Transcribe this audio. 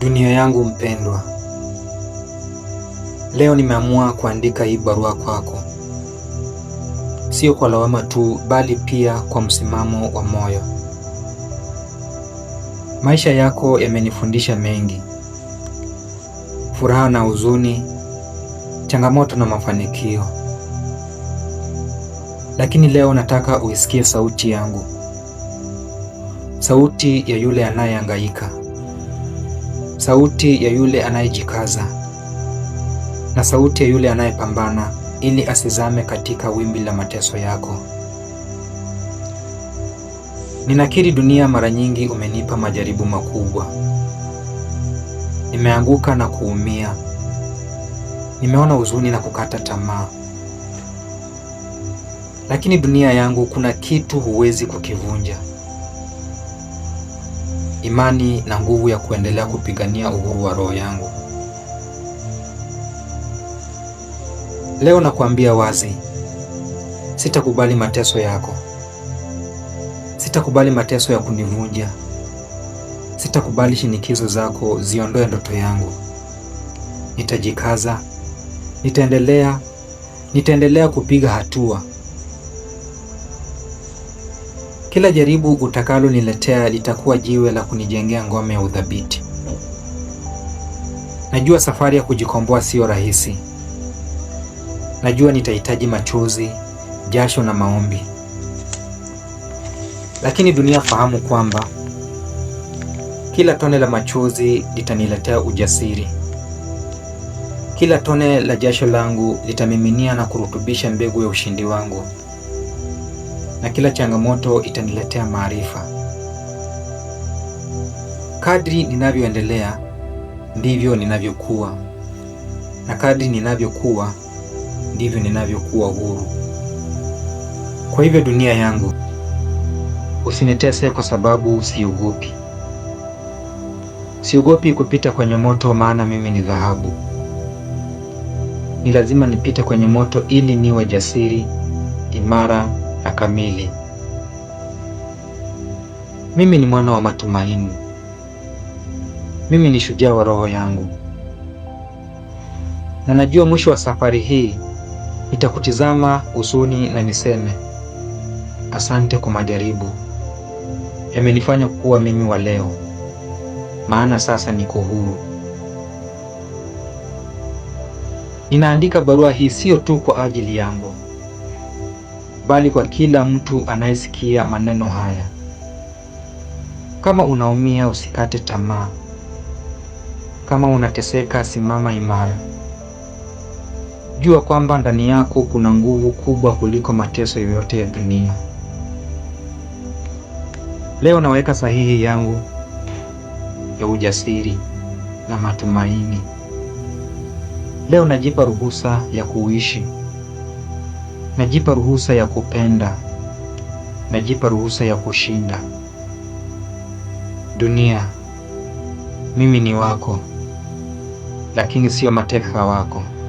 Dunia yangu mpendwa, leo nimeamua kuandika hii barua kwako, sio kwa lawama tu, bali pia kwa msimamo wa moyo. Maisha yako yamenifundisha mengi: furaha na huzuni, changamoto na mafanikio, lakini leo nataka uisikie sauti yangu sauti ya yule anayehangaika, sauti ya yule anayejikaza na sauti ya yule anayepambana ili asizame katika wimbi la mateso yako. Ninakiri dunia, mara nyingi umenipa majaribu makubwa. Nimeanguka na kuumia, nimeona huzuni na kukata tamaa, lakini dunia yangu, kuna kitu huwezi kukivunja imani na nguvu ya kuendelea kupigania uhuru wa roho yangu. Leo nakuambia wazi, sitakubali mateso yako, sitakubali mateso ya kunivunja, sitakubali shinikizo zako ziondoe ndoto yangu. Nitajikaza, nitaendelea, nitaendelea kupiga hatua kila jaribu utakaloniletea litakuwa jiwe la kunijengea ngome ya uthabiti. Najua safari ya kujikomboa siyo rahisi. Najua nitahitaji machozi, jasho na maombi, lakini dunia, fahamu kwamba kila tone la machozi litaniletea ujasiri. Kila tone la jasho langu litamiminia na kurutubisha mbegu ya ushindi wangu na kila changamoto itaniletea maarifa. Kadri ninavyoendelea ndivyo ninavyokuwa, na kadri ninavyokuwa ndivyo ninavyokuwa huru. Kwa hivyo, dunia yangu, usinitese kwa sababu siogopi. Siogopi kupita kwenye moto, maana mimi ni dhahabu. Ni lazima nipite kwenye moto ili niwe jasiri, imara kamili. Mimi ni mwana wa matumaini. Mimi ni shujaa wa roho yangu, na najua mwisho wa safari hii nitakutizama usuni na niseme asante kwa majaribu, yamenifanya kuwa mimi wa leo, maana sasa niko huru. Ninaandika barua hii sio tu kwa ajili yangu bali kwa kila mtu anayesikia maneno haya. Kama unaumia, usikate tamaa. Kama unateseka, simama imara. Jua kwamba ndani yako kuna nguvu kubwa kuliko mateso yoyote ya dunia. Leo naweka sahihi yangu ya ujasiri na matumaini. Leo najipa ruhusa ya kuishi. Najipa ruhusa ya kupenda, najipa ruhusa ya kushinda. Dunia, mimi ni wako, lakini sio mateka wako.